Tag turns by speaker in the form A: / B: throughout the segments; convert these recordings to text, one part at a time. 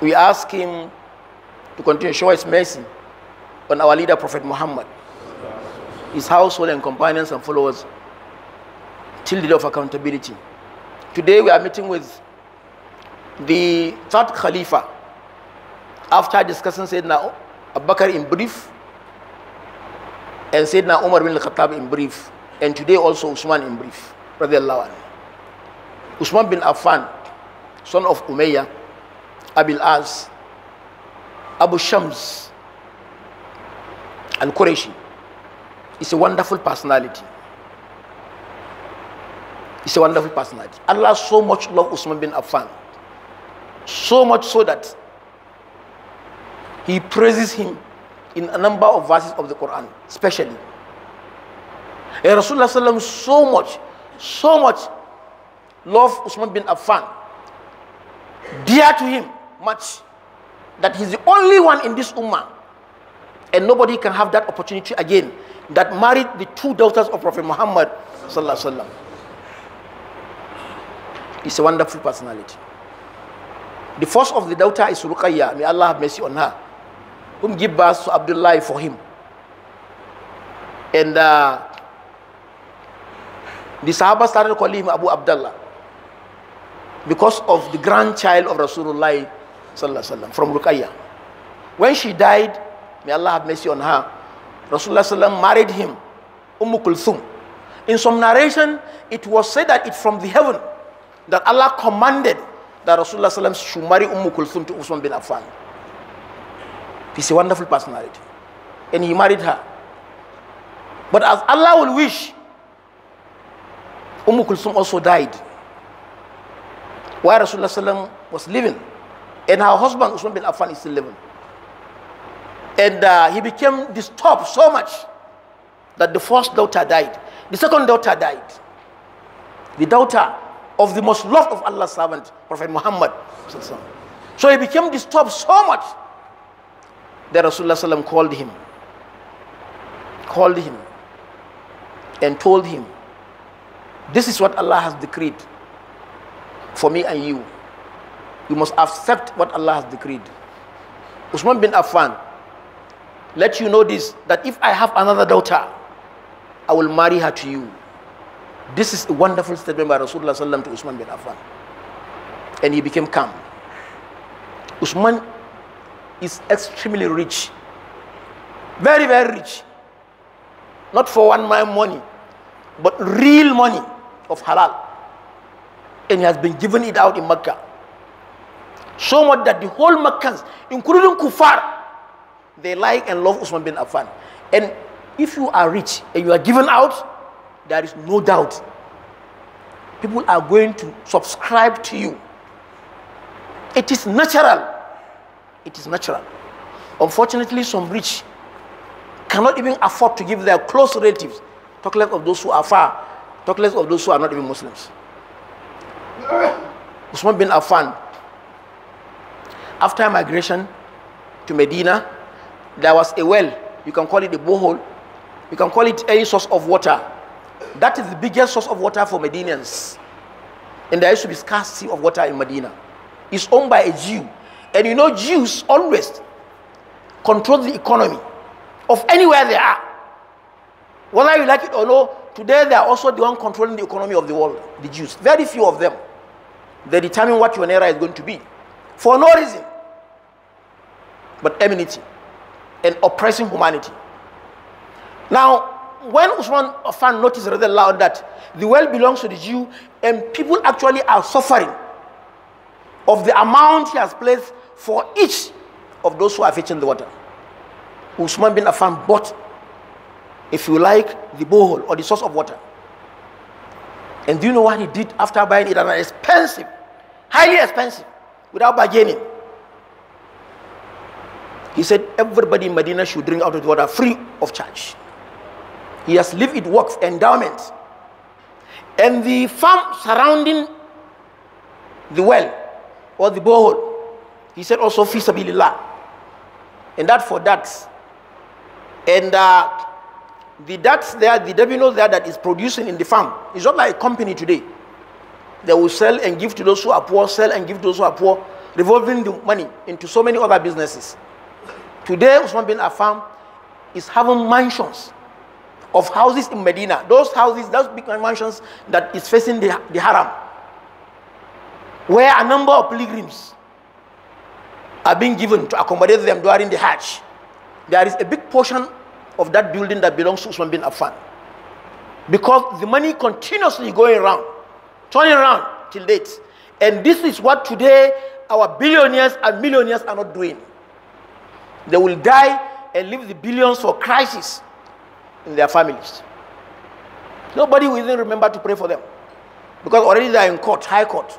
A: we ask him to continue to show his mercy on our leader, Prophet Muhammad, his household and companions and followers till the day of accountability. Today we are meeting with the third Khalifa after discussing Sayyidina Abu Bakr in brief and Sayyidina Umar bin Khattab in brief and today also Usman in brief. Brother Lawan. Usman bin Affan, son of Umayyah, Abil As, Abu Shams Al Qureshi. He's a wonderful personality. He's a wonderful personality. Allah so much loved Usman bin Affan. So much so that he praises him in a number of verses of the Quran, especially. And eh, Rasulullah so much, so much loved Usman bin Affan, dear to him, much that he's the only one in this ummah and nobody can have that opportunity again that married the two daughters of Prophet Muhammad sallallahu He's a wonderful personality. The first of the daughter is Ruqayya, may Allah have mercy on her, whom give birth to Abdullah for him. And uh, the Sahaba started calling him Abu Abdullah because of the grandchild of Rasulullah from Rukayyah, When she died, may Allah have mercy on her, Rasulullah sallam married him, Umm Kulthum. In some narration, it was said that it's from the heaven that Allah commanded that Rasulullah sallam should marry Umm Kulthum to Usman bin Affan. He's a wonderful personality. And he married her. But as Allah will wish, Umm Kulthum also died while Rasulullah was living. And her husband, Usman bin Affan, is still living. And uh, he became disturbed so much that the first daughter died. The second daughter died. The daughter of the most loved of Allah's servant, Prophet Muhammad. So he became disturbed so much that Rasulullah called him. Called him and told him, This is what Allah has decreed for me and you. We must accept what Allah has decreed. Usman bin Affan, let you know this that if I have another daughter, I will marry her to you. This is a wonderful statement by Rasulullah Wasallam to Usman bin Affan. And he became calm. Usman is extremely rich. Very, very rich. Not for one man money, but real money of halal. And he has been giving it out in Mecca. So much that the whole Meccans, including Kufar, they like and love Usman bin Affan. And if you are rich and you are given out, there is no doubt people are going to subscribe to you. It is natural. It is natural. Unfortunately, some rich cannot even afford to give their close relatives, talk less of those who are far, talk less of those who are not even Muslims. Usman bin Affan after migration to Medina, there was a well. You can call it a borehole. You can call it any source of water. That is the biggest source of water for Medinians. And there used to be scarcity of water in Medina. It's owned by a Jew. And you know, Jews always control the economy of anywhere they are. Whether you like it or no, today they are also the one controlling the economy of the world, the Jews. Very few of them. They determine what your era is going to be for no reason but enmity and oppressing humanity. Now, when Usman Afan noticed rather loud that the world belongs to the Jew and people actually are suffering of the amount he has placed for each of those who are fetching the water. Usman bin bought, if you like, the borehole or the source of water. And do you know what he did after buying it at an expensive, highly expensive without bargaining. He said everybody in Medina should drink out of the water free of charge. He has lived, it works, endowment. And the farm surrounding the well or the borehole, he said also fisabilillah. And that for that. And uh, the ducks there, the knows there that is producing in the farm is not like a company today. They will sell and give to those who are poor, sell and give to those who are poor, revolving the money into so many other businesses. Today, Usman bin Affan is having mansions of houses in Medina. Those houses, those big mansions that is facing the, the haram, where a number of pilgrims are being given to accommodate them during the Hajj. There is a big portion of that building that belongs to Usman bin Affan. Because the money continuously going around turning around till date. And this is what today our billionaires and millionaires are not doing. They will die and leave the billions for crisis in their families. Nobody will even remember to pray for them because already they are in court, high court,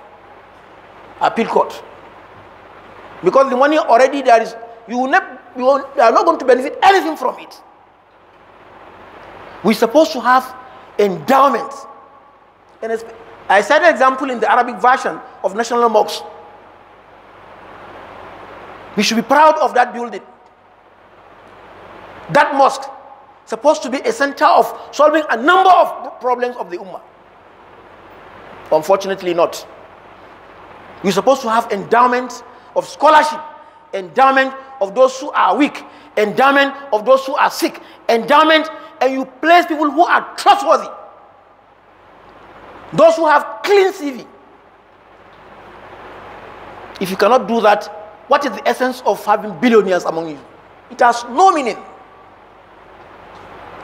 A: appeal court. Because the money already there is, you will, not, you will you are not going to benefit anything from it. We're supposed to have endowment and I an example in the Arabic version of National Mosque. We should be proud of that building. That mosque supposed to be a center of solving a number of problems of the ummah. Unfortunately, not. We're supposed to have endowment of scholarship, endowment of those who are weak, endowment of those who are sick, endowment, and you place people who are trustworthy. Those who have clean CV. If you cannot do that, what is the essence of having billionaires among you? It has no meaning.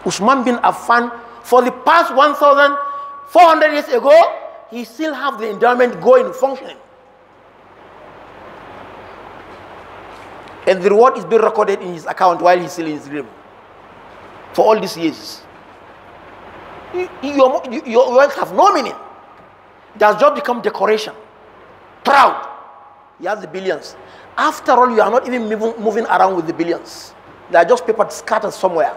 A: Usman bin Affan, for the past 1,400 years ago, he still have the endowment going, functioning. And the reward is being recorded in his account while he's still in his grave for all these years your, your, your words have no meaning. It has just become decoration. Proud. You have the billions. After all, you are not even moving, moving around with the billions. They are just paper scattered somewhere.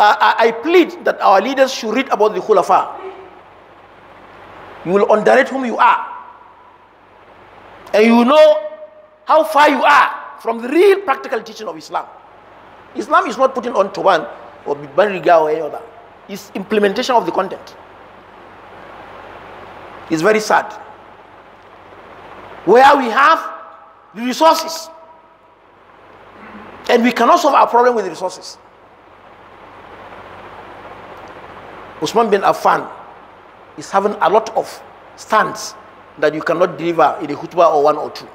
A: I, I, plead that our leaders should read about the Khulafa. You will underrate whom you are. And you will know how far you are from the real practical teaching of Islam. Islam is not putting on one or Riga or any other. It's implementation of the content. It's very sad. Where we have the resources and we cannot solve our problem with the resources. Usman bin Affan is having a lot of stands that you cannot deliver in a khutbah or one or two.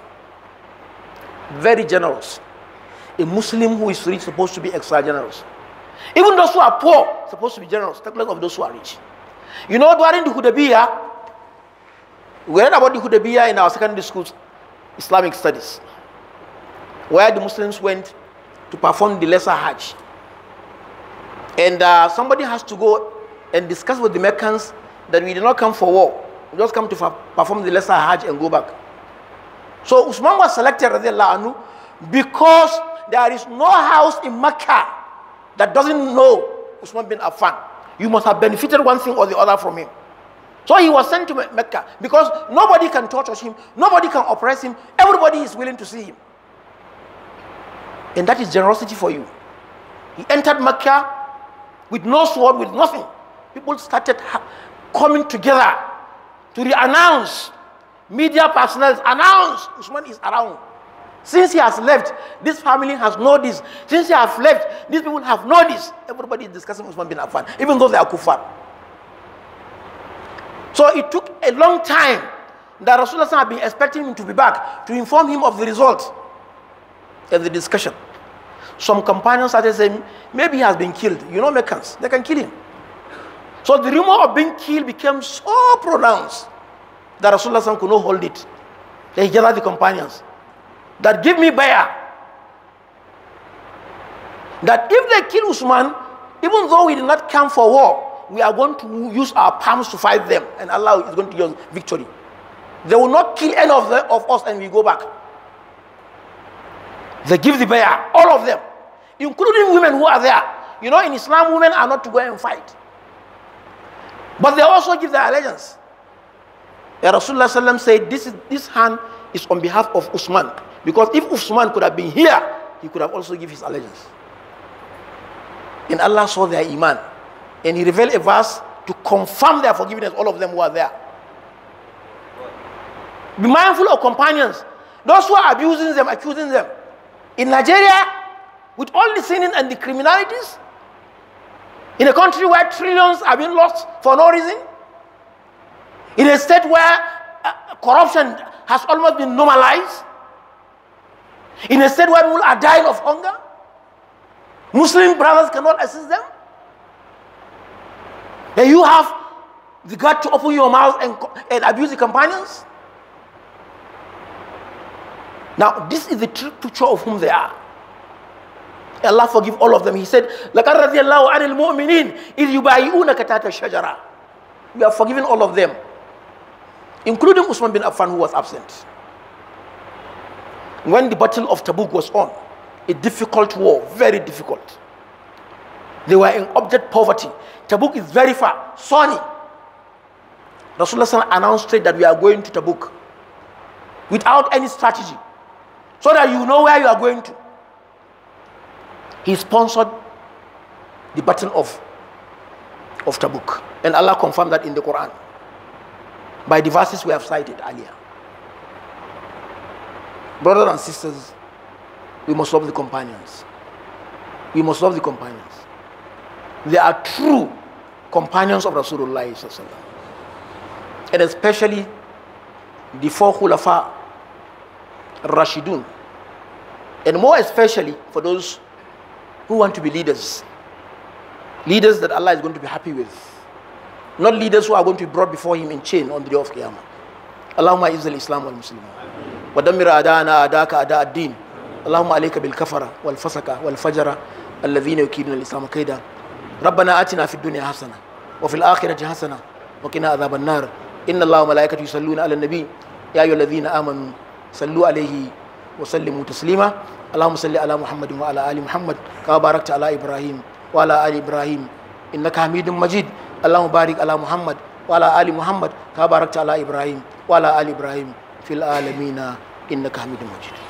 A: Very generous a Muslim who is rich supposed to be extra generous. Even those who are poor supposed to be generous. Take note of those who are rich. You know, during the Hudaybiyah, we read about the Hudaybiyah in our secondary school Islamic studies, where the Muslims went to perform the lesser Hajj. And uh, somebody has to go and discuss with the Meccans that we did not come for war. We just come to perform the lesser Hajj and go back. So Usman was selected anhu, because there is no house in Mecca that doesn't know Usman bin Affan. You must have benefited one thing or the other from him. So he was sent to Mecca because nobody can torture him, nobody can oppress him, everybody is willing to see him. And that is generosity for you. He entered Mecca with no sword, with nothing. People started coming together to re-announce. Media personnel announce Usman is around. Since he has left, this family has noticed. this. Since he has left, these people have noticed. this. Everybody is discussing Usman bin Affan, even though they are kufar. So it took a long time that Rasulullah had been expecting him to be back to inform him of the result of the discussion. Some companions started saying, maybe he has been killed. You know Meccans, they can kill him. So the rumor of being killed became so pronounced that Rasulullah could not hold it. They gathered the companions that give me bayah. That if they kill Usman, even though we did not come for war, we are going to use our palms to fight them, and Allah is going to give us victory. They will not kill any of, the, of us, and we go back. They give the bayah, all of them, including women who are there. You know, in Islam, women are not to go and fight. But they also give their allegiance. Rasulullah said, this, is, this hand is on behalf of Usman. Because if Usman could have been here, he could have also given his allegiance. And Allah saw their iman. And he revealed a verse to confirm their forgiveness, all of them who are there. Be mindful of companions. Those who are abusing them, accusing them. In Nigeria, with all the sinning and the criminalities, in a country where trillions have been lost for no reason, in a state where uh, corruption has almost been normalized, in a state where people are dying of hunger? Muslim brothers cannot assist them? And you have the God to open your mouth and, and abuse the companions? Now, this is the true picture of whom they are. Allah forgive all of them. He said, لَقَدْ رَضِيَ اللَّهُ عَنِ الْمُؤْمِنِينَ إِذْ We are forgiving all of them, including Usman bin Affan who was absent when the Battle of Tabuk was on, a difficult war, very difficult. They were in object poverty. Tabuk is very far, sunny. Rasulullah announced straight that we are going to Tabuk without any strategy so that you know where you are going to. He sponsored the battle of, of Tabuk. And Allah confirmed that in the Quran by the verses we have cited earlier. Brothers and sisters, we must love the companions. We must love the companions. They are true companions of Rasulullah. And especially the four Khulafa Rashidun. And more especially for those who want to be leaders. Leaders that Allah is going to be happy with. Not leaders who are going to be brought before Him in chain on the day of Qiyamah. Allahumma izzal Islam wal Muslimin. ودمر أعداءنا أداك أداء الدين اللهم عليك بالكفرة والفسقة والفجرة الذين يكيدون الإسلام كيدا ربنا آتنا في الدنيا حسنة وفي الآخرة حسنة وقنا عذاب النار إن الله وملائكته يصلون على النبي يا أيها الذين آمنوا صلوا عليه وسلموا تسليما اللهم صل على محمد وعلى آل محمد كما باركت على إبراهيم وعلى آل إبراهيم إنك حميد مجيد اللهم بارك على محمد وعلى آل محمد كما باركت على إبراهيم وعلى آل إبراهيم fil alamina innaka hamidun majid